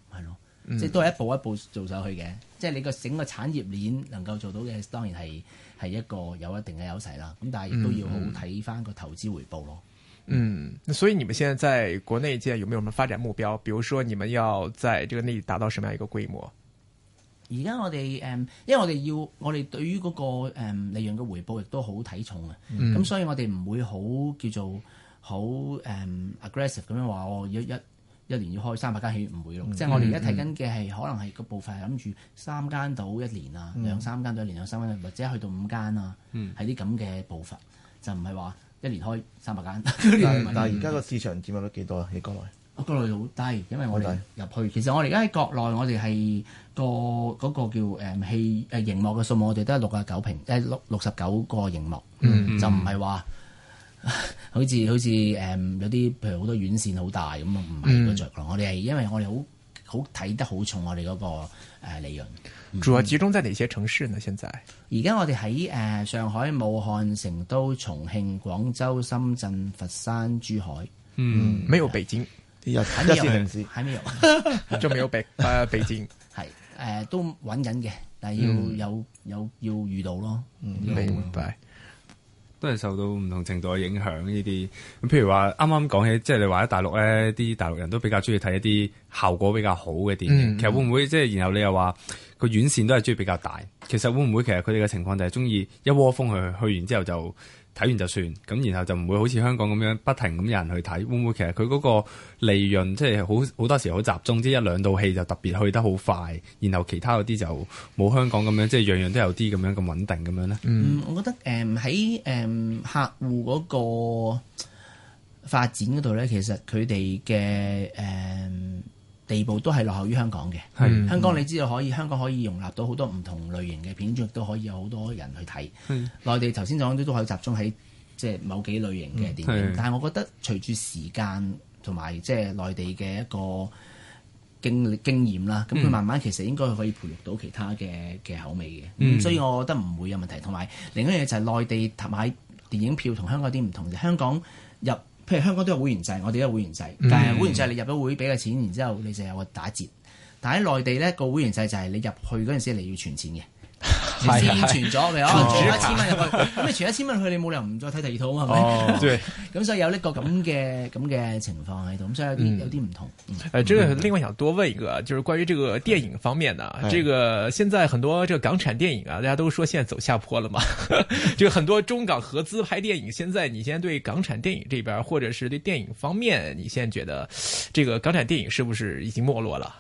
Speaker 4: 嗯、即係都係一步一步做上去嘅，即係你個整個產業鏈能夠做到嘅，當然係係一個有一定嘅優勢啦。咁但係亦都要好睇翻個投資回報咯。嗯，
Speaker 1: 所以你們現在在國內界有沒有什麼發展目標？比如說你們要在這個內地達到什麼樣一個規模？
Speaker 4: 而家我哋誒、嗯，因為我哋要我哋對於嗰、那個誒、嗯、利潤嘅回報亦都好睇重啊。咁、嗯、所以我哋唔會好叫做好誒、嗯、aggressive 咁樣話我一一。一一年要開三百間戲院唔會咯，即係我哋而家睇緊嘅係可能係個步伐諗住三間到一年啊，兩三間到一年，兩、嗯、三間，到三間，到三間到或者去到五間啊，喺啲咁嘅步伐
Speaker 3: 就唔係話一年開三百間。但係而家個市場佔有率幾多啊？喺國內，
Speaker 4: 國內好低，因為我哋入去。其實我哋而家喺國內我，我哋係個嗰個叫誒戲誒熒幕嘅數目我，我哋都係六啊九平，誒六六十九個熒幕，嗯嗯、就唔係話。 好似好似誒、嗯、有啲譬如好多院線好大咁啊，唔係嗰著咯。我哋係因為我哋好好睇得好重我哋嗰個利潤。主要集中在哪些城市呢？現在而家我哋喺誒上海、武漢、成都、重慶、廣州、深圳、佛山、珠海。嗯，沒有北京，
Speaker 3: 有城市，還
Speaker 4: 沒有，仲未 有北誒北京。係誒、 呃、都揾緊嘅，但係要有有、嗯、要遇到咯。嗯、明白。
Speaker 2: 都係受到唔同程度嘅影響呢啲，譬如話啱啱講起，即係你話喺大陸咧，啲大陸人都比較中意睇一啲效果比較好嘅電影。嗯、其實會唔會即係，然後你又話個院線都係中意比較大。其實會唔會其實佢哋嘅情況就係中意一窩蜂去去完之後就。睇完就算，咁然後就唔會好似香港咁樣不停咁有人去睇，會唔會其實佢嗰個利潤即係好好多時好集中，即係一兩套戲就特別去得好快，然後其他嗰啲就冇香港咁樣，即係樣樣都有啲咁樣咁穩定咁樣呢？嗯，
Speaker 4: 我覺得誒喺誒客戶嗰個發展嗰度呢，其實佢哋嘅誒。嗯地步都係落後於香港嘅。的香港你知道可以，嗯、香港可以容納到好多唔同類型嘅片種，亦都可以有好多人去睇。的內地頭先講都都可以集中喺即係某幾類型嘅電影，的但係我覺得隨住時間同埋即係內地嘅一個經經驗啦，咁佢慢慢其實應該可以培育到其他嘅嘅口味嘅，嗯嗯、所以我覺得唔會有問題。同埋另一樣嘢就係內地買電影票同香港啲唔同，嘅，香港入。譬如香港都有會員制，我哋都有會員制，但係會員制你入咗會俾個錢，然之後你就有個打折。但喺內地咧，個會員制就係你入去嗰陣時你要存錢嘅。先存咗未哦，存一千蚊入去，咁、啊、你存一千蚊去，你冇理由唔再睇第二套啊係咪？咁所以有呢個咁嘅咁嘅情況喺度，咁所以有啲有啲唔同。誒、 嗯嗯呃，這個
Speaker 1: 另外想多問一個，就是關於這個電影方面呢，這個現在很多港產電影啊，大家都說現在走下坡了嘛，就、這個、很多中港合資拍電影。現在你現在對港產電影這邊，或者是對電影方面，你現在覺得
Speaker 4: 這個港產電影是不是已經沒落了？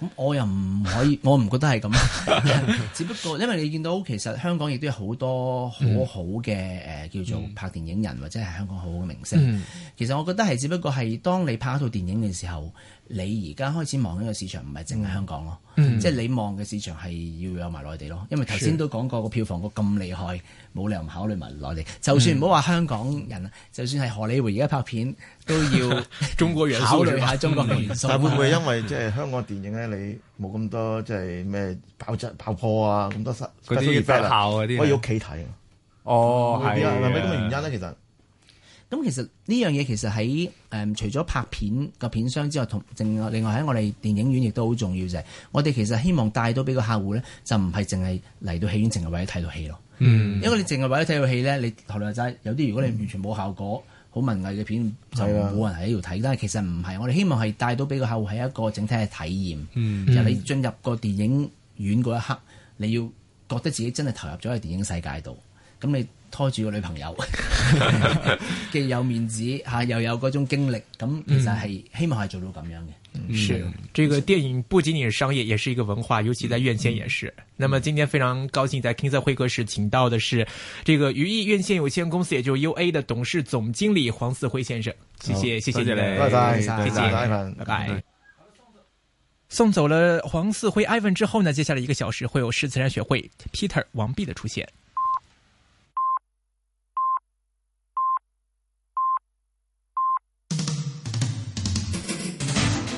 Speaker 4: 咁、哦、我又唔可以， 我唔覺得係咁。 只不過，因為你見到其實香港亦都有好多好好嘅誒，叫做拍電影人或者係香港好好嘅明星。嗯、其實我覺得係，只不過係當你拍一套電影嘅時候。你而家開始望呢個市場，唔係淨係香港咯，嗯、即係你望嘅市場係要有埋內地咯。因為頭先都講過個的票房個咁厲害，冇理由唔考慮埋內地。就算唔好話香港人，嗯、就算係荷里活而家拍片都要考慮下中國元素。 嗯、但會唔會因為
Speaker 3: 即係、就是、香港電影咧，你冇咁多即係咩爆炸爆破啊，咁多失嗰啲特效嗰啲可以屋企睇？哦，係、嗯、啊，係咪？咁嘅原因咧，其實。
Speaker 4: 咁其實呢樣嘢其實喺誒除咗拍片嘅片商之外，同另外喺我哋電影院亦都好重要就係、係，我哋其實希望帶到俾個客戶呢，就唔係淨係嚟到戲院淨係為咗睇到戲咯。嗯、因為你淨係為咗睇到戲呢，你後來就有啲如果你完全冇效果、好、嗯、文藝嘅片就冇人喺度睇。嗯、但係其實唔係，我哋希望係帶到俾個客戶係一個整體嘅體驗、嗯。嗯，就你進入個電影院嗰一刻，你要覺得自己真係投入咗喺電影世界度，咁你。拖住個女朋友，既 有面子嚇、啊，又有嗰種經歷，咁其實係希望係做到咁樣嘅。嗯，
Speaker 1: 這個、嗯、電影不僅僅是商業，也是一個文化，尤其在院線也是。嗯、那麼今天非常高興在 King Sir 會客室請到的是這個娛藝院線有限公司，也就是 U A 的董事總經理黃嗣輝先生。謝謝，哦、謝謝你，拜拜，謝謝，拜拜。送走了黃嗣輝，Ivan 之後呢？接下來一個小時會有獅子山學會 Peter 王弼的出現。